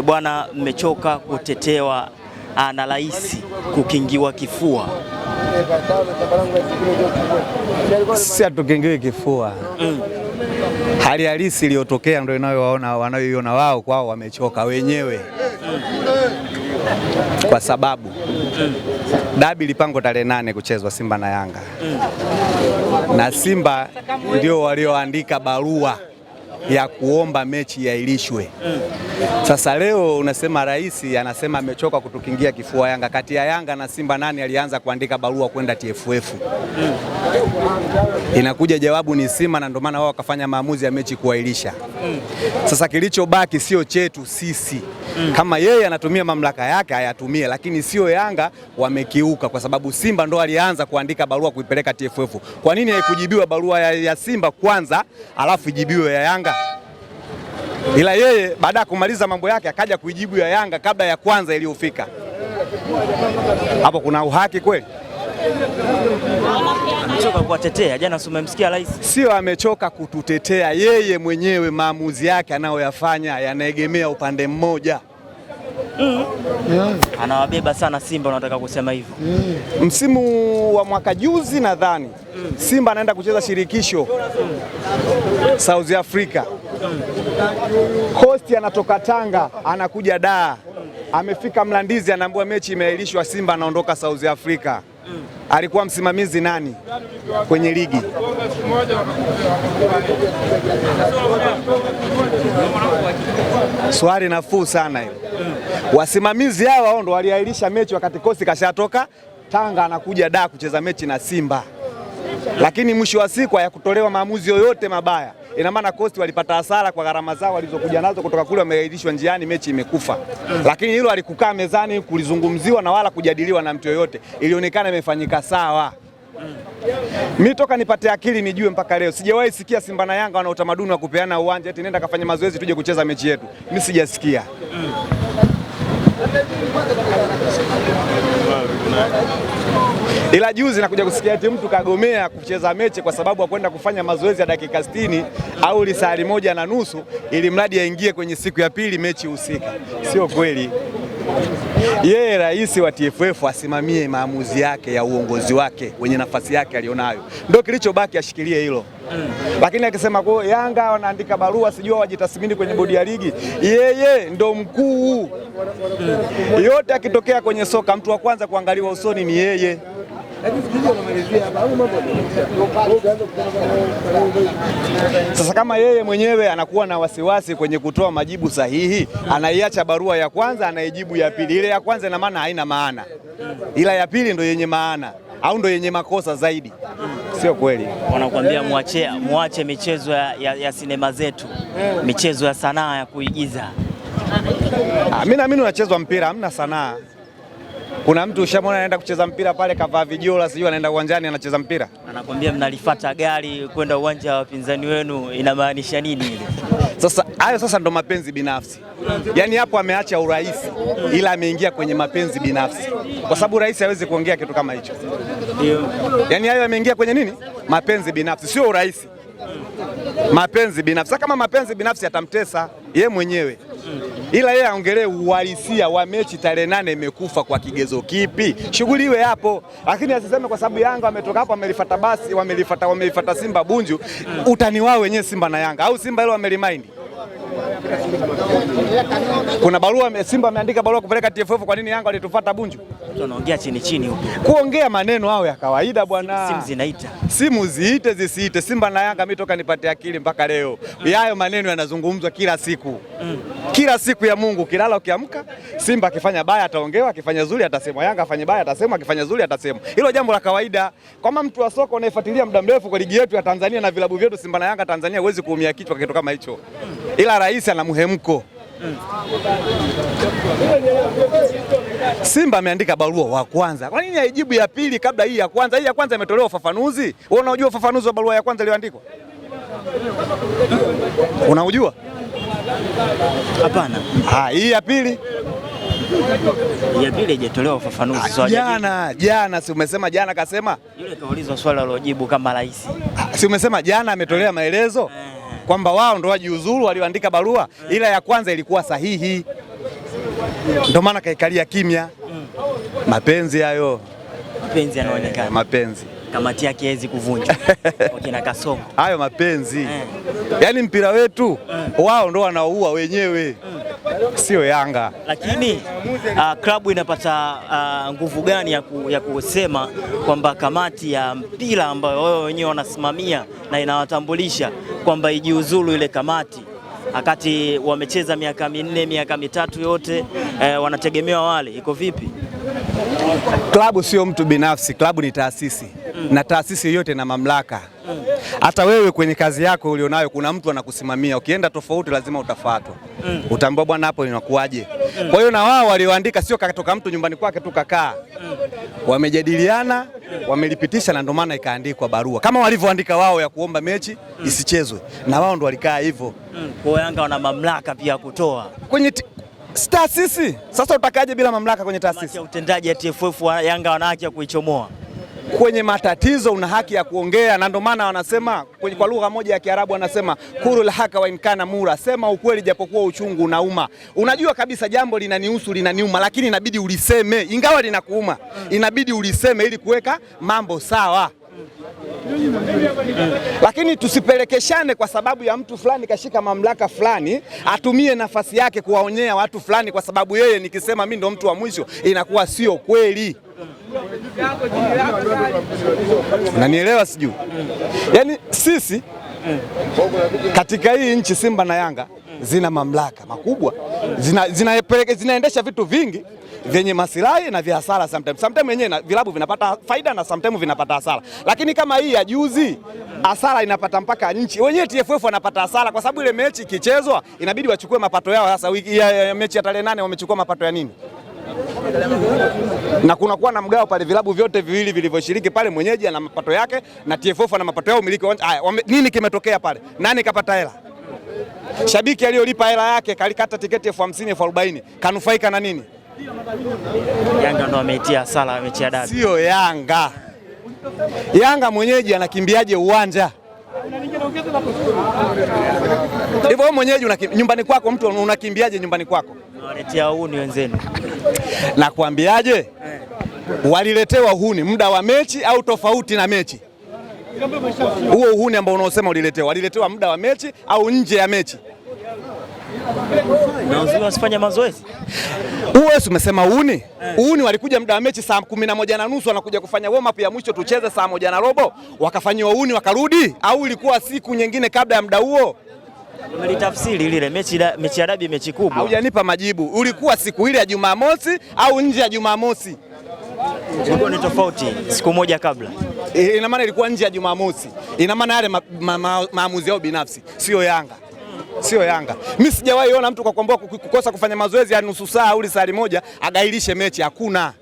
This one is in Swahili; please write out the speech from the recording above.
e bwana, mmechoka kutetewa ah, na rais kukingiwa kifua. Sisi hatukingiwi kifua mm. Hali halisi iliyotokea ndio inayowaona wanayoiona wao, kwao wamechoka wenyewe mm. Kwa sababu mm. dabi lipango tarehe nane kuchezwa Simba na Yanga mm. na Simba ndio walioandika barua ya kuomba mechi iahirishwe. Sasa leo unasema rais anasema amechoka kutukingia kifua Yanga. Kati ya Yanga na Simba nani alianza kuandika barua kwenda TFF? Inakuja jawabu ni Simba, na ndio maana wao wakafanya maamuzi ya mechi kuahirisha. Sasa kilichobaki sio chetu sisi, kama yeye anatumia mamlaka yake ayatumie, lakini sio Yanga wamekiuka, kwa sababu Simba ndo alianza kuandika barua kuipeleka TFF. Kwa nini haikujibiwa barua ya Simba kwanza alafu ijibiwe ya Yanga? ila yeye baada ya kumaliza mambo yake akaja kuijibu ya Yanga kabla ya kwanza iliyofika. Hapo kuna uhaki kweli? Amechoka kuwatetea jana, si umemsikia rais? Sio amechoka kututetea yeye mwenyewe, maamuzi yake anayoyafanya yanaegemea upande mmoja. Mm. Mm-hmm. Yeah. Anawabeba sana Simba, unataka kusema hivyo? Yeah. Mm. Msimu wa mwaka juzi nadhani mm. Simba anaenda kucheza shirikisho mm. South Africa. Mm. Hosti anatoka Tanga anakuja Dar, amefika Mlandizi anaambiwa mechi imeahirishwa, Simba anaondoka South Africa. Alikuwa msimamizi nani kwenye ligi? Swali nafuu sana hiyo. Wasimamizi hawa wao ndo waliahirisha mechi wakati kosi kashatoka Tanga anakuja Dar kucheza mechi na Simba, lakini mwisho wa siku hayakutolewa maamuzi yoyote mabaya ina maana Coast walipata hasara kwa gharama zao walizokuja nazo kutoka kule, wameahirishwa njiani, mechi imekufa. Lakini hilo alikukaa mezani kulizungumziwa na wala kujadiliwa na mtu yoyote, ilionekana imefanyika sawa. Mi toka nipate akili nijue mpaka leo sijawahi sikia Simba na Yanga wana utamaduni wa kupeana uwanja, eti nenda kafanya mazoezi tuje kucheza mechi yetu. Mi sijasikia Ila juzi nakuja kusikia eti mtu kagomea kucheza mechi kwa sababu akwenda kufanya mazoezi ya dakika 60 au lisaa moja na nusu, ili mradi aingie kwenye siku ya pili mechi husika. Sio kweli. Yeye rais wa TFF asimamie maamuzi yake ya uongozi wake wenye nafasi yake aliyonayo, ndio kilichobaki, ashikilie hilo. Mm. Lakini akisema kwa Yanga wanaandika barua sijua wajitathmini kwenye bodi ya ligi, yeye ndo mkuu. Mm. Yote akitokea kwenye soka, mtu wa kwanza kuangaliwa usoni ni yeye. Sasa kama yeye mwenyewe anakuwa na wasiwasi kwenye kutoa majibu sahihi, anaiacha barua ya kwanza, anaijibu ya pili. Ile ya kwanza ina maana haina maana, ila ya pili ndo yenye maana au ndo yenye makosa zaidi. Sio kweli, wanakuambia muache, muache michezo ya, ya, ya sinema zetu, michezo ya sanaa ya kuigiza. Mimi ah, naamini unachezwa mpira, hamna sanaa. Kuna mtu ushamwona anaenda kucheza mpira pale, kavaa vijola, sijui anaenda uwanjani anacheza mpira, anakwambia mnalifata gari kwenda uwanja wa wapinzani wenu, inamaanisha nini ile? Sasa hayo sasa ndo mapenzi binafsi, yaani hapo ameacha urais, ila ameingia kwenye mapenzi binafsi, kwa sababu rais hawezi kuongea kitu kama hicho. Yaani hayo ameingia kwenye nini, mapenzi binafsi, sio urais mapenzi binafsi. Kama mapenzi binafsi atamtesa ye mwenyewe, ila yeye aongelee uhalisia wa mechi tarehe nane imekufa kwa kigezo kipi? Shughuli iwe hapo, lakini asiseme kwa sababu Yanga wametoka hapo wamelifata basi wamelifata wamelifata Simba Bunju, utani wao wenyewe Simba na Yanga au Simba ile wamelimaindi kuna barua Simba ameandika barua kupeleka TFF. Kwa nini Yanga walitufuata Bunju? Tunaongea chini chini huko, kuongea maneno hao ya kawaida bwana. Simu zinaita, simu ziite zisiite, Simba na Yanga mimi toka nipate akili mpaka leo yayo maneno yanazungumzwa kila siku mm. Kila siku ya Mungu, kilala ukiamka, Simba akifanya baya ataongewa, akifanya zuri atasemwa, Yanga afanye baya atasemwa, akifanya zuri atasemwa. Hilo jambo la kawaida. Kama mtu wa soka unayefuatilia muda mrefu kwa ligi yetu ya Tanzania na vilabu vyetu Simba na Yanga Tanzania, huwezi kuumia kichwa kitu kama hicho mm ila rais ana mhemko. Simba ameandika barua wa kwanza, kwa nini haijibu ya pili kabla hii ya kwanza? Hii ya kwanza imetolewa ufafanuzi. Wewe unajua ufafanuzi wa barua ya kwanza iliyoandikwa? Unaujua? Hapana. Ah, hii ya pili ya pili haijatolewa ufafanuzi. So jana jana, si umesema jana, kasema yule kaulizwa swali alojibu kama rais, si umesema jana ametolea maelezo eh kwamba wao ndo wajiuzuru walioandika barua, ila ya kwanza ilikuwa sahihi, ndio maana kaikalia kimya. Mapenzi hayo, mapenzi yanaonekana, mapenzi kamati yake haiwezi kuvunja na Kasongo hayo mapenzi yani eh. Yaani mpira wetu eh. wao ndo wanaoua wenyewe eh sio Yanga. Lakini uh, klabu inapata uh, nguvu gani ya, ku, ya kusema kwamba kamati ya mpira ambayo wao wenyewe wanasimamia na inawatambulisha kwamba ijiuzulu ile kamati wakati wamecheza miaka minne miaka mitatu yote eh, wanategemewa wale, iko vipi? Klabu sio mtu binafsi, klabu ni taasisi na taasisi yoyote na mamlaka hata wewe kwenye kazi yako ulionayo kuna mtu anakusimamia. Ukienda tofauti, lazima utafuatwa utaambiwa utaambia bwana, hapo inakuaje? kwa hiyo na wao walioandika sio katoka mtu nyumbani kwake tu kakaa wamejadiliana, wamelipitisha na ndio maana ikaandikwa barua kama walivyoandika wao ya kuomba mechi isichezwe, na wao ndo walikaa hivyo kwa Yanga wana mamlaka pia kutoa kwenye taasisi. Sasa utakaje bila mamlaka kwenye taasisi? Utendaji ya TFF wa Yanga wanaacha kuichomoa kwenye matatizo una haki ya kuongea, na ndio maana wanasema kwa lugha moja ya Kiarabu wanasema kurul haka wa imkana mura, sema ukweli japokuwa uchungu unauma. Unajua kabisa jambo linanihusu linaniuma, lakini inabidi uliseme, ingawa linakuuma, inabidi uliseme ili kuweka mambo sawa lakini tusipelekeshane kwa sababu ya mtu fulani kashika mamlaka fulani, atumie nafasi yake kuwaonyea watu fulani, kwa sababu yeye nikisema mimi ndo mtu wa mwisho, inakuwa sio kweli nanielewa sijui. Yaani sisi katika hii nchi Simba na Yanga zina mamlaka makubwa, zinaendesha zina zina vitu vingi vyenye masilahi na vya hasara sometimes. Sometimes yenyewe vilabu vinapata faida na sometimes vinapata hasara, lakini kama hii ya juzi hasara inapata mpaka nchi wenyewe, TFF wanapata hasara kwa sababu ile mechi ikichezwa inabidi wachukue mapato yao. Sasa wiki ya, ya, ya mechi ya tarehe nane wamechukua mapato ya nini? na kunakuwa na mgao pale, vilabu vyote viwili vilivyoshiriki pale, mwenyeji ana mapato yake na TFF ana mapato yao, umiliki haya. Nini kimetokea pale? Nani kapata hela? Shabiki aliyolipa hela yake kalikata tiketi elfu hamsini elfu arobaini kanufaika na nini? Yanga ndo ameitia sala, ya dada, sio Yanga. Yanga mwenyeji anakimbiaje uwanja hivyo? Mwenyeji nyumbani kwako, mtu unakimbiaje nyumbani kwako? nawaletea huni wenzenu, nakwambiaje eh? Waliletewa huni muda wa mechi au tofauti na mechi? Huo uhuni ambao unaosema uliletewa, waliletewa muda wa mechi au nje ya mechi? na wasifanya mazoezi uwesi umesema uni uni, walikuja muda wa mechi saa kumi na moja na nusu wanakuja kufanya warm up ya mwisho, tucheze saa moja na robo, wakafanyiwa uni wakarudi, au ilikuwa siku nyingine kabla ya muda huo? Umelitafsiri lile mechi da, mechi ya dabi mechi kubwa. Hujanipa majibu. Ulikuwa siku ile ya Jumamosi au nje ya Jumamosi? Ilikuwa ni tofauti siku moja kabla. E, ina maana ilikuwa nje ya Jumamosi. Ina maana yale maamuzi ma, ma, ma, yao binafsi, sio Yanga. Sio Yanga. Mimi sijawahi ona mtu kwa kuambua kukosa kufanya mazoezi ya nusu saa au saa moja agairishe mechi, hakuna.